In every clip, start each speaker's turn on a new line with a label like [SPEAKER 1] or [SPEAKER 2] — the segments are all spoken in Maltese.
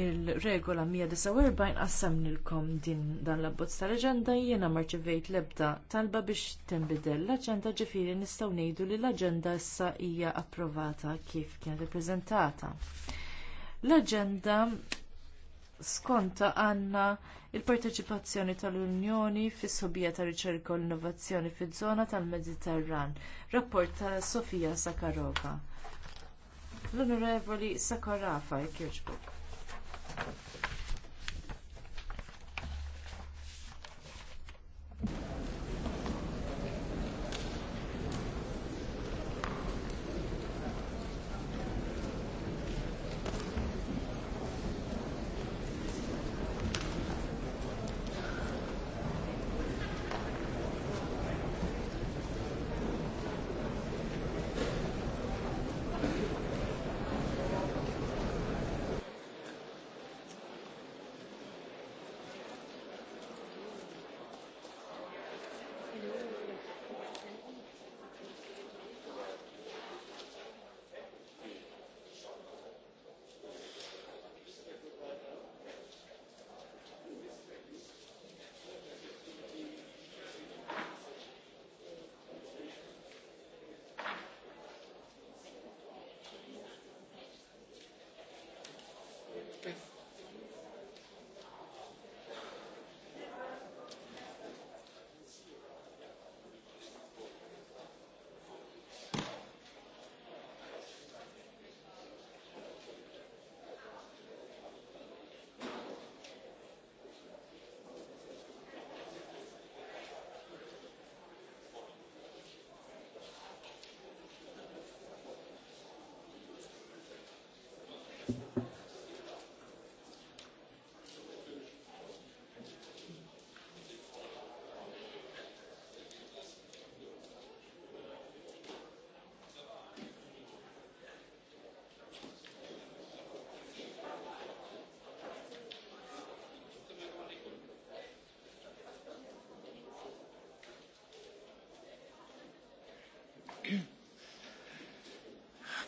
[SPEAKER 1] il-regola 149 qassamnilkom din dan l-abbozz tal-aġenda jiena marċivejt l-ebda talba biex tinbidel l-aġenda ġifieri nistgħu ngħidu li l-aġenda issa hija approvata kif kienet ippreżentata. L-aġenda skonta għandna l parteċipazzjoni tal-Unjoni fis subija ta' riċerka u l-innovazzjoni fiż-żona tal-Mediterran, rapport ta' Sofija Sakarova. L-Onorevoli Sakarafa Kirchbook.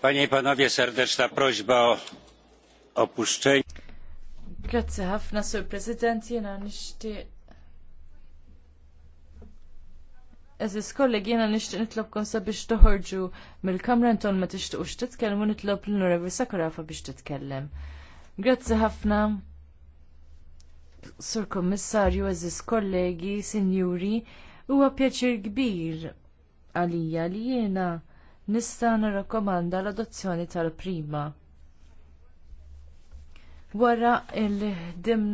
[SPEAKER 2] Panie i panowie, serdeczna prośba o opuszczenie.
[SPEAKER 1] Grazie ħafna, Sur President, Jiena nixtieq. Eżis kollegi jiena nixtieq nitlobkom sabiex toħorġu mill-kamra intom ma tixtiequx titkellmu nitlob l-Onorevoli Sakurafa biex titkellem. Grazzi ħafna. Sur Kommissarju, eżis kollegi, sinjuri, huwa pjaċir kbir għalija li jiena nista' nirrakkomanda l-adozzjoni tal-prima. Wara il ħdimna